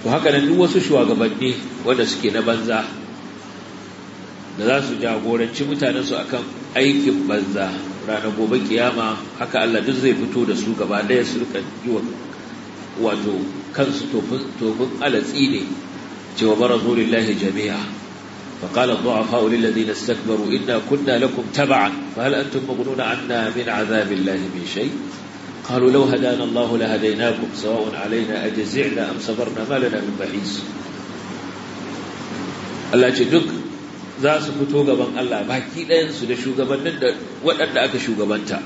to haka nan duk wasu shugabanni wanda suke na banza da za su jagoranci mutanensu akan aikin banza ranar gobe kiyama haka Allah duk zai fito da su gaba ɗaya su rika yi wato kansu tofin alatsi ne cewa barazu lillahi jami'a فقال الضعفاء للذين استكبروا إنا كنا لكم تبعا فهل أنتم مغنون عنا من عذاب الله من شيء قالوا لو هدانا الله لهديناكم سواء علينا أجزعنا أم صبرنا ما لنا من محيص Allah ce duk zasu su fito gaban Allah baki ɗayansu da shugabannin da waɗanda aka shugabanta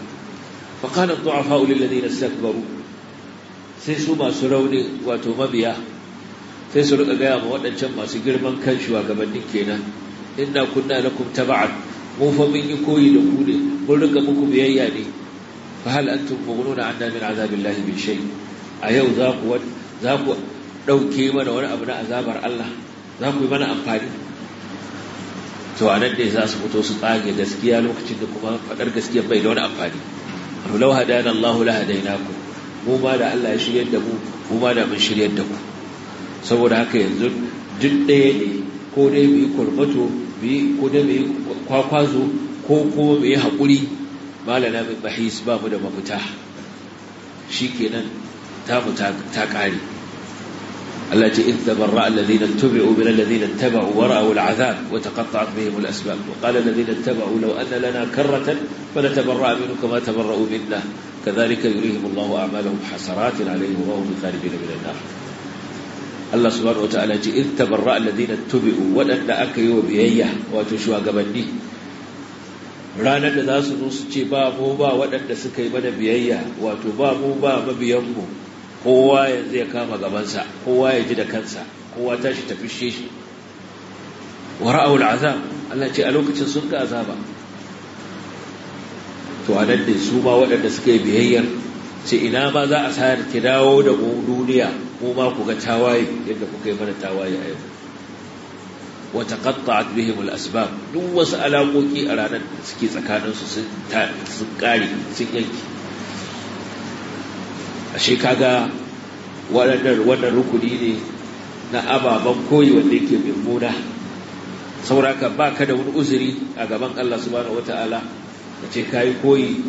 faƙanar du'afa ulil ladina istakbaru sai su masu rauni wato mabiya sai su rika gaya ma waɗancan masu girman kan shugabannin kenan inna kunna lakum taba'an mu fa mun yi koyi da kule mun rika muku biyayya ne fa hal antum mughnuna anna min azabillahi min shay a yau za ku ɗauke ku mana wani abu na azabar Allah za ku yi mana amfani to a nan ne za su fito su tsage gaskiya lokacin da kuma faɗar gaskiya bai da wani amfani law hadana Allahu la hadainakum mu da Allah ya shiryar da mu mu da mun shiryar da ku saboda haka yanzu duk ɗaya ne ko dai mu yi kurmato ko dai mu yi kwakwazo ko kuma mu yi haƙuri مالا نبي بحيس بابو دا مفتاح شيكينا تامو تاك الله تي إذ تبرأ الذين اتبعوا من الذين اتبعوا ورأوا العذاب وتقطعت بهم الأسباب وقال الذين اتبعوا لو أن لنا كرة فنتبرأ منه كما تبرأوا منا كذلك يريهم الله أعمالهم حسرات عليهم وهم خالدين من النار الله سبحانه وتعالى تي إذ تبرأ الذين اتبعوا ولن أكيوا بهيه وتشوى قبل ranar da za su zo su ce ba mu ba waɗanda suka yi mana biyayya wato ba mu ba mabiyanmu kowa yanzu ya kama gabansa kowa ya ji da kansa kowa tashi tafi shi wa ra'awul azab Allah ce a lokacin sun ga azaba to a nan su ba waɗanda suka yi biyayyar ce ina ma za a sayar ki dawo da duniya ko ma ku ga tawaye yadda kuka yi mana tawaye a yau wata qatta'at bihim al-asbab duk wasu alaƙoƙi a ranar suke tsakaninsu su sun kare sun yanki ashe kaga waɗannan rukuni ne na ababen koyi wanda yake Saura sauraka baka da wani uzuri a gaban Allah subhanahu wataala ka ce kayi koyi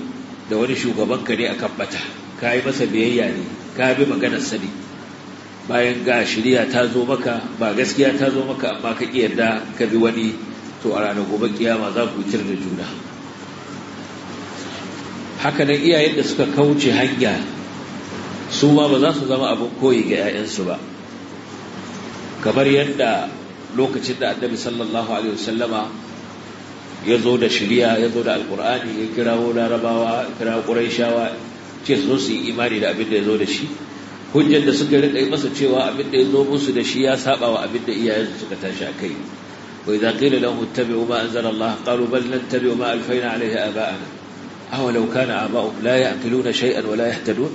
da wani shugaban ka a akan Ka yi masa biyayya ne ka bi maganar Sani. bayan ga shirya ta zo maka ba gaskiya ta zo maka amma ka ƙi yadda ka bi wani to a ranar gobe kiyama za ku cire da juna hakanan iyayen da suka kauce hanya su ma ba za su zama abin koyi ga 'ya'yansu ba kamar yadda lokacin da annabi sallallahu alaihi wasallama ya zo da shirya ya zo da alkur'ani ya kirawo larabawa ya ƙuraishawa ce su zo su yi imani da abin da ya zo da shi hujjar da suka rika yi masa cewa abin da ya zo musu da shi ya saba wa abin da iyayensu suka tashi a kai wai za qila lahum ittabi'u ma anzala Allah qalu bal nattabi'u ma alfayna alayhi aba'ana aw law kana aba'uhum la ya'qiluna shay'an wa la yahtadun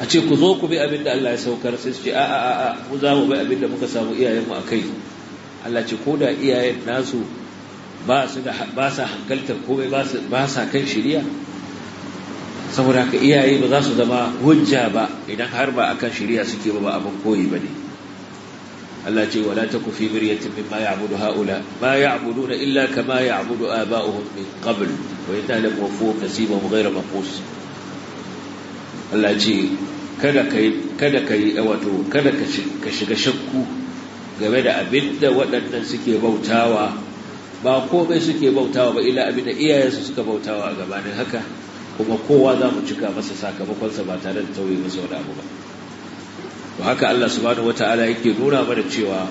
a ce ku zo ku bi abin da Allah ya saukar sai su ce a a a mu za mu bi abin da muka samu iyayenmu a kai Allah ce ko da iyayen nasu ba su da ba sa hankaltar komai ba sa kan shiriya saboda haka iyaye ba za su zama hujja ba idan har ba akan shari'a suke ba ba abin koyi ba ne Allah ce wala taku fi miryatin mimma ya'budu haula ma ya'buduna illa kama ya'budu aba'uhum min qabl wa yatalamu wafu wa ghayra maqus Allah ce kada kai kada kai wato kada ka shiga shakku game da abinda waɗannan suke bautawa ba komai suke bautawa ba illa abinda iyayensu suka bautawa a gabanin haka kuma kowa za mu cika masa sakamakonsa ba tare da tauye masa wani abu ba to haka Allah subhanahu wataala yake nuna mana cewa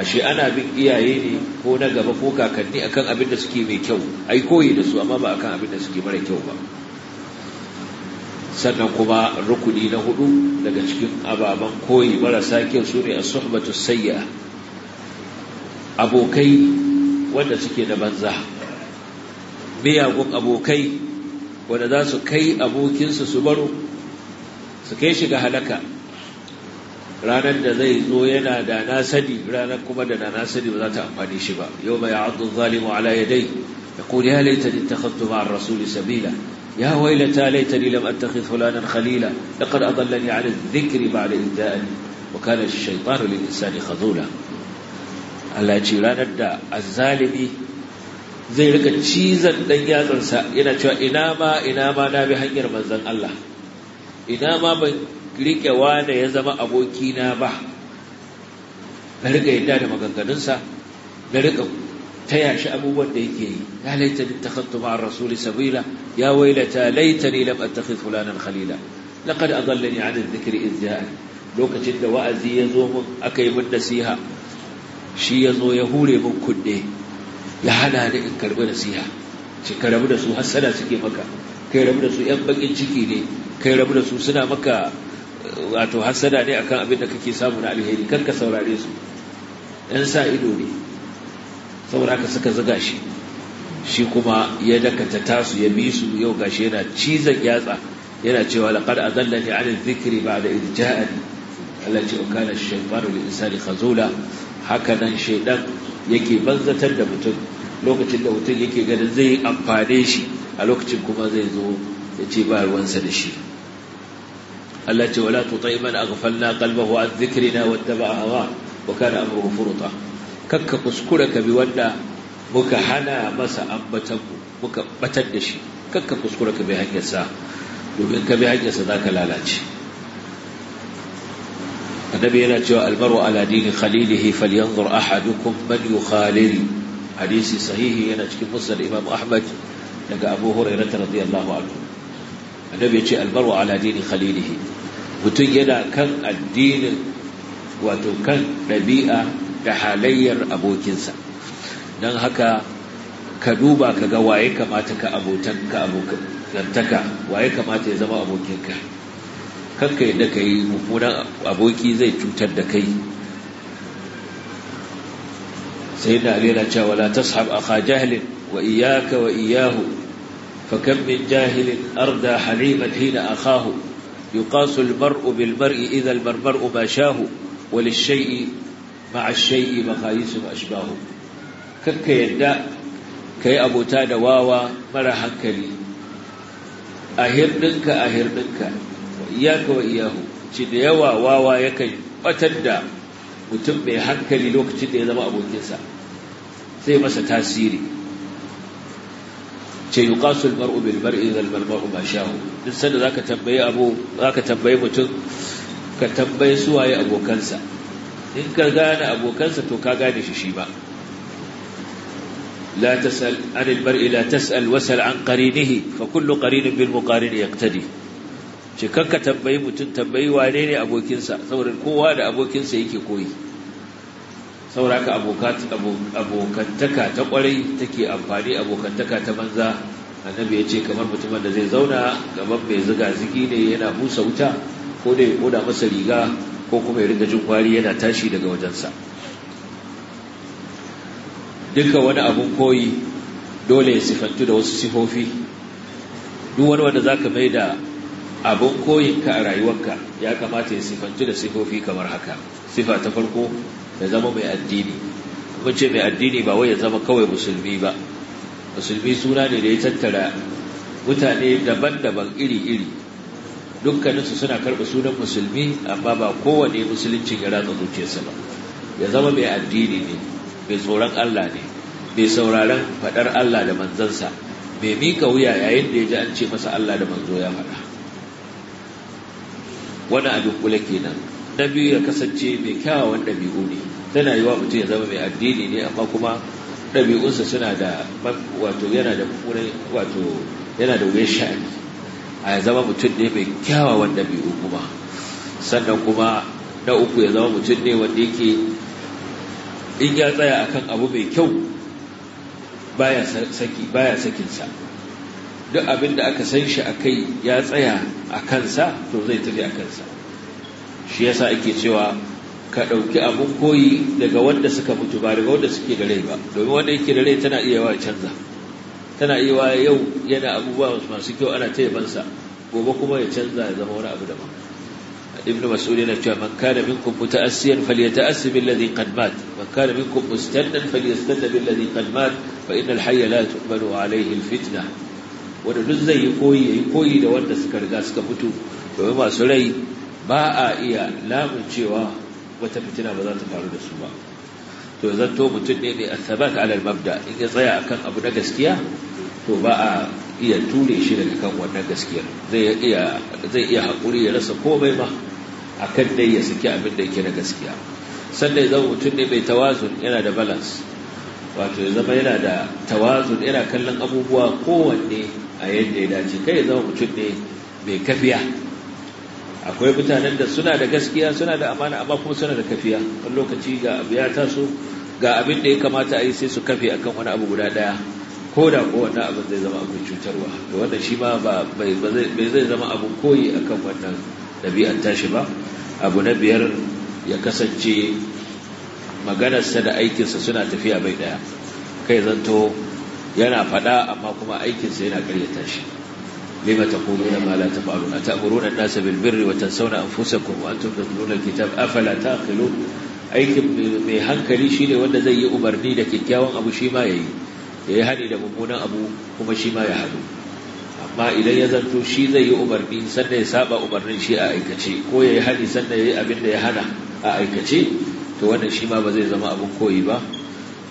ashe ana bin iyaye ne ko na gaba ko kakanni akan abin da suke mai kyau ai koyi da su amma ba akan abin da suke mara kyau ba sannan kuma rukuni na hudu daga cikin ababen koyi marasa kyau su ne as-suhbatu sayya abokai wanda suke da banza miyagun abokai wanda za su kai abokinsu su baro su kai shi ga halaka ranar da zai zo yana da na sani ranar kuma da na sani ba za ta amfani shi ba yau mai abdun zalimu ala ya dai ya kuli ya laita ni ta hattu ma'ar rasuli sabila ya wailata laita ni ta attakhidh fulanan khalila laqad adallani ala dhikri ba'da idda'ani wa kana ash-shaytanu lil insani khazula Allah ya ce ranar da azzalimi zai rika cizon ɗan yatsansa yana cewa ina ma ina ma na bi hanyar manzon Allah ina ma ban riƙe wane ya zama abokina ba na riƙa yadda da maganganunsa na riƙa taya shi abubuwan da yake yi ya laita ni takhattu ma'ar rasuli sabila ya wailata laita ni lam attakhidh fulanan khalila laqad adallani 'an adh-dhikri idh ja'a lokacin da wa'azi ya zo mun aka yi nasiha shi ya zo ya hure mun kunne ya hana ni in karɓi nasiha ce ka rabu da su hassada suke maka kai rabu da su yan bakin ciki ne kai rabu da su suna maka wato hassada ne akan abin da kake samu na alheri kar ka saurare su yan sa ido ne saboda ka suka zuga shi shi kuma ya dakata tasu ya bi su yau gashi yana cizon yatsa yana cewa laqad adallani ala dhikri ba'da idh ja'ani Allah ce kana shaytanu lil insani khazula haka nan shaytan yake banzatar da mutum lokacin da mutum yake ganin zai amfane shi a lokacin kuma zai zo ya ce ba ruwansa da shi Allah ce wala tutai na aghfalna wa an ba a hawa wa da amruhu furuta kakka kuskura ka bi wanda muka hana masa ambatan muka batar da shi kakka kuskura ka bi hanyarsa domin ka bi hanyarsa za ka lalace annabi yana cewa almaru ala dini khalilihi falyanzur ahadukum man yukhalil hadisi sahihi yana cikin musnad imam ahmad daga abu hurairah radiyallahu anhu annabi yace almaru ala dini khalilihi mutum yana kan addinin wato kan ɗabi'a da halayyar abokinsa don haka ka duba ka ga waye kamata ka abotantaka waye kamata ya zama abokinka kakka yadda ka yi mummunan aboki zai cutar da kai sai da alera cewa la tashab a jahilin wa iyaka wa iyahu fa kam min jahilin arda haliman hina akhahu yuqasu almar'u bil mar'i idha almar'u bashahu wa lishay'i ma'a ash-shay'i makhayisu ashbahu kakka yadda kai abota da wawa mara hankali ahir dinka iyyaka wa iyahu ce da yawa wawa yakan batar da mutum mai hankali lokacin da ya zama abokinsa sai masa tasiri ce yuqasul mar'u bil mar'i zal mar'u ma shahu duk sanda zaka tambaye abu zaka tambaye mutum ka tambayi su waye abokansa in ka gane abokansa to ka gane shi shi ba la tasal anil mar'i la tasal wasal an qarinihi fa kullu qarin bil muqarin yaqtadi ce kakka tambayi mutum tambayi wane ne abokinsa saurin kowa da abokinsa yake koyi sauraka abokantaka ta kwarai take amfani abokantaka ta banza annabi ya ce kamar mutumin da zai zauna gaban mai ziga zigi ne yana busa wuta ko da ya koda masa riga ko kuma ya riga jin kwari yana tashi daga wajensa duka wani abun koyi dole ya sifantu da wasu sifofi duk wani wanda ka mai da abin koyinka a rayuwarka ya kamata ya sifanci da sifofi kamar haka sifa ta farko ya zama mai addini mun ce mai addini ba wai ya zama kawai musulmi ba musulmi suna ne da ya tattara mutane daban-daban iri-iri dukkaninsu suna karɓi sunan musulmi amma ba kowane musuluncin ya ratsa zuciyarsa ba ya zama mai addini ne mai tsoron Allah ne mai sauraron faɗar Allah da manzansa mai mika wuya yayin da ya ji an ce masa Allah da manzo ya faɗa wani abin kula kenan na biyu ya kasance mai kyawawan ɗabi'u ne tana yi wa mutum ya zama mai addini ne amma kuma ɗabi'unsa suna da wato yana da wato yana da wuyan sha'ani a zama mutum ne mai kyawawan ɗabi'u kuma sannan kuma na uku ya zama mutum ne wanda yake in ya tsaya akan abu mai kyau baya sakinsa duk abin da aka san shi a kai ya tsaya a kansa to zai tafi a kansa shi yasa ake cewa ka ɗauki abun koyi daga wanda suka mutu ba daga wanda suke da rai ba domin wanda yake da rai tana iya wa canza tana iya wa yau yana abubuwa masu kyau ana taya bansa gobe kuma ya canza ya zama wani abu daban ibn mas'ud yana cewa man kana minkum muta'assiyan falyata'assi bil ladhi qad mat man kana minkum mustannan falyastanna bil ladhi qad mat fa innal hayya la tuqbalu alayhi al fitnah wanda duk zai yi koyi ya yi koyi da wanda suka riga suka fito domin masu rai ba a iya lamun cewa wata fitina ba za ta faru da su ba to zan to mutum ne mai asabat alal mabda in ya tsaya akan abu na gaskiya to ba a iya ture shi daga kan wannan gaskiyar zai iya zai hakuri ya rasa komai ba akan dai ya saki abin da yake na gaskiya sannan zan mutum ne mai tawazun yana da balance wato ya zama yana da tawazun yana kallon abubuwa kowanne a yadda ya dace kai zama mutum ne mai kafiya akwai mutanen da suna da gaskiya suna da amana amma kuma suna da kafiya wani lokaci ga abu ya taso ga abin da ya kamata a yi sai su kafe akan wani abu guda daya ko da ko wannan abu zai zama abin cutarwa to wanda shi ma ba zai zama abin koyi akan wannan ɗabi'ar tashi ba abu na biyar ya kasance maganarsa da aikinsa suna tafiya bai daya kai zanto yana faɗa amma kuma aikinsa yana karyata shi لما تقولون ما لا تفعلون أتأمرون الناس بالبر وتنسون أنفسكم وأنتم تتلون الكتاب أفلا تعقلون aikin mai hankali shine wanda zai yi umarni da kyakkyawan abu shi ma ya yi ya yi hani da mummunan abu kuma shi ma ya hadu amma idan ya zanto shi zai yi umarni sannan ya saba umarnin shi a aikace ko ya yi hani sannan ya yi abin da ya hana a aikace to wannan shi ma ba zai zama abin koyi ba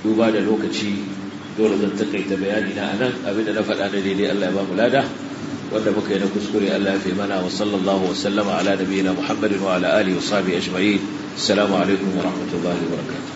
duba da lokaci dole zan takaita bayani na anan abinda na faɗa da daidai Allah ya ba mu lada wanda muka yi na kuskure Allah ya fi mana wa sallallahu wa sallama ala nabiyina Muhammadin wa ala alihi wa sahbihi ajma'in assalamu alaikum wa rahmatullahi wa barakatuh